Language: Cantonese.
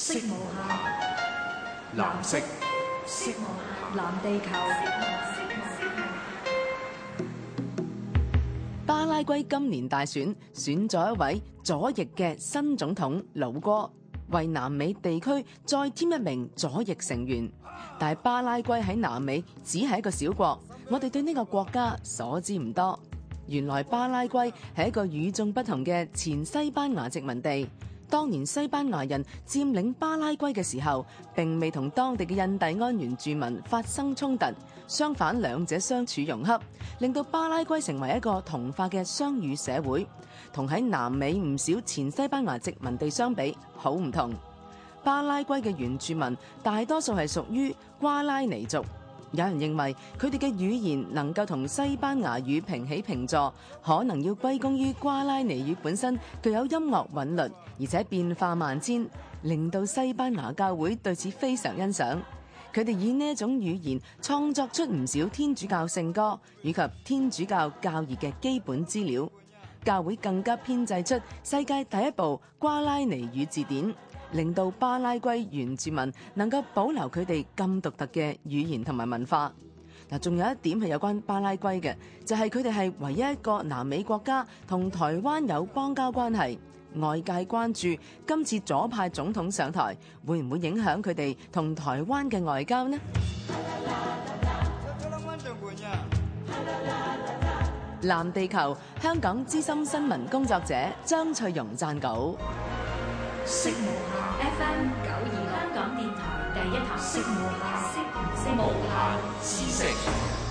色無下藍色，色無下藍地球。巴拉圭今年大選選咗一位左翼嘅新總統老哥，為南美地區再添一名左翼成員。但巴拉圭喺南美只係一個小國，我哋對呢個國家所知唔多。原來巴拉圭係一個與眾不同嘅前西班牙殖民地。當年西班牙人佔領巴拉圭嘅時候，並未同當地嘅印第安原住民發生衝突，相反兩者相處融洽，令到巴拉圭成為一個同化嘅雙語社會。同喺南美唔少前西班牙殖民地相比，好唔同。巴拉圭嘅原住民大多數係屬於瓜拉尼族。有人認為佢哋嘅語言能夠同西班牙語平起平坐，可能要歸功於瓜拉尼語本身具有音樂韻律，而且變化萬千，令到西班牙教會對此非常欣賞。佢哋以呢一種語言創作出唔少天主教聖歌以及天主教教義嘅基本資料，教會更加編製出世界第一部瓜拉尼語字典。令到巴拉圭原住民能夠保留佢哋咁獨特嘅語言同埋文化。嗱，仲有一點係有關巴拉圭嘅，就係佢哋係唯一一個南美國家同台灣有邦交關係。外界關注今次左派總統上台，會唔會影響佢哋同台灣嘅外交呢？藍地球香港資深新聞工作者張翠容撰稿。識無限，FM 九二香港電台第一台，識無限，識息無限，知識。息